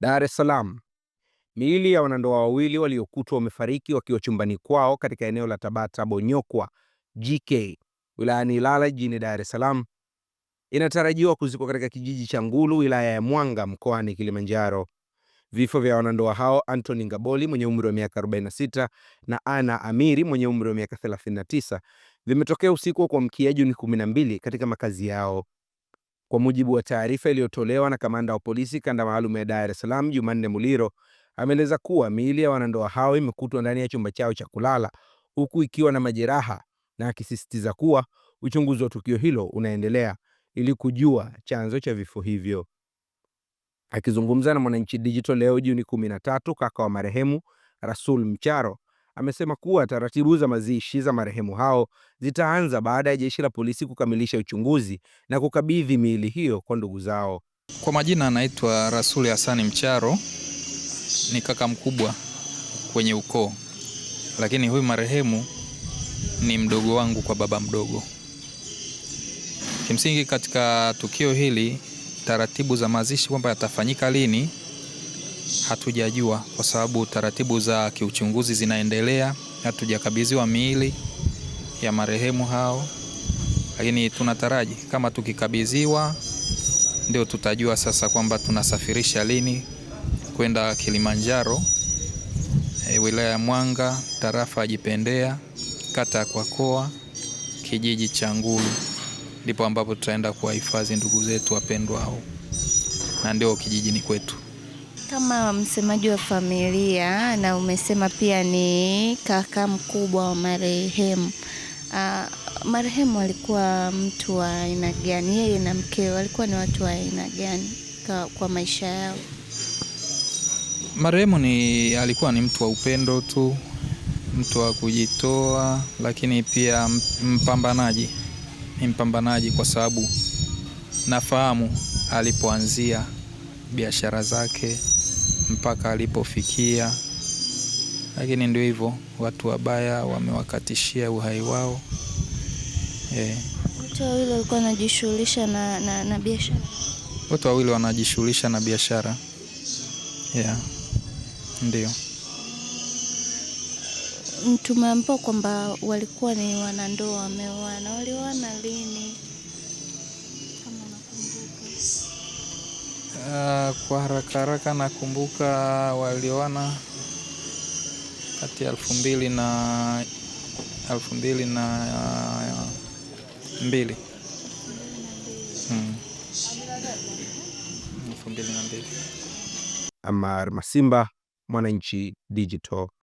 Dar es Salaam, miili ya wanandoa wawili waliokutwa wamefariki wakiwa chumbani kwao katika eneo la Tabata Bonyokwa GK wilayani Ilala jijini Dar es Salaam inatarajiwa kuzikwa katika kijiji cha Ngulu wilaya ya Mwanga mkoani Kilimanjaro. Vifo vya wanandoa hao Anthony Ngaboli mwenye umri wa miaka 46 na Ana Amiri mwenye umri wa miaka 39 vimetokea usiku wa kuamkia Juni 12 katika makazi yao. Kwa mujibu wa taarifa iliyotolewa na kamanda wa polisi kanda maalum ya Dar es Salaam Jumanne Muliro, ameeleza kuwa miili ya wanandoa hao imekutwa ndani ya chumba chao cha kulala huku ikiwa na majeraha, na akisisitiza kuwa uchunguzi wa tukio hilo unaendelea ili kujua chanzo cha vifo hivyo. Akizungumza na Mwananchi Digital leo Juni 13, kaka wa marehemu Rasul Mcharo amesema kuwa taratibu za mazishi za marehemu hao zitaanza baada ya jeshi la polisi kukamilisha uchunguzi na kukabidhi miili hiyo kwa ndugu zao. Kwa majina anaitwa Rasuli Hasani Mcharo, ni kaka mkubwa kwenye ukoo, lakini huyu marehemu ni mdogo wangu kwa baba mdogo. Kimsingi katika tukio hili taratibu za mazishi kwamba yatafanyika lini hatujajua kwa sababu taratibu za kiuchunguzi zinaendelea, hatujakabidhiwa miili ya marehemu hao, lakini tunataraji kama tukikabidhiwa ndio tutajua sasa kwamba tunasafirisha lini kwenda Kilimanjaro, e, wilaya ya Mwanga, tarafa ya Jipendea, kata ya Kwakoa, kijiji cha Ngulu, ndipo ambapo tutaenda kuwahifadhi ndugu zetu wapendwa hao, na ndio kijijini kwetu kama msemaji wa familia na umesema pia ni kaka mkubwa wa marehemu. Uh, marehemu alikuwa mtu wa aina gani? Yeye na mkeo walikuwa ni watu wa aina gani kwa, kwa maisha yao? Marehemu ni alikuwa ni mtu wa upendo tu, mtu wa kujitoa, lakini pia mpambanaji. Ni mpambanaji kwa sababu nafahamu alipoanzia biashara zake mpaka alipofikia. Lakini ndio hivyo, watu wabaya wamewakatishia uhai wao. Wote wawili walikuwa wanajishughulisha na, na, na biashara. Wote wawili wanajishughulisha na biashara yeah. Ndio tumeambiwa kwamba walikuwa ni wanandoa, wameoana. Walioana lini? kwa haraka haraka nakumbuka walioana kati ya elfu mbili na elfu mbili na mbili hmm. Amar Masimba, Mwananchi Digital.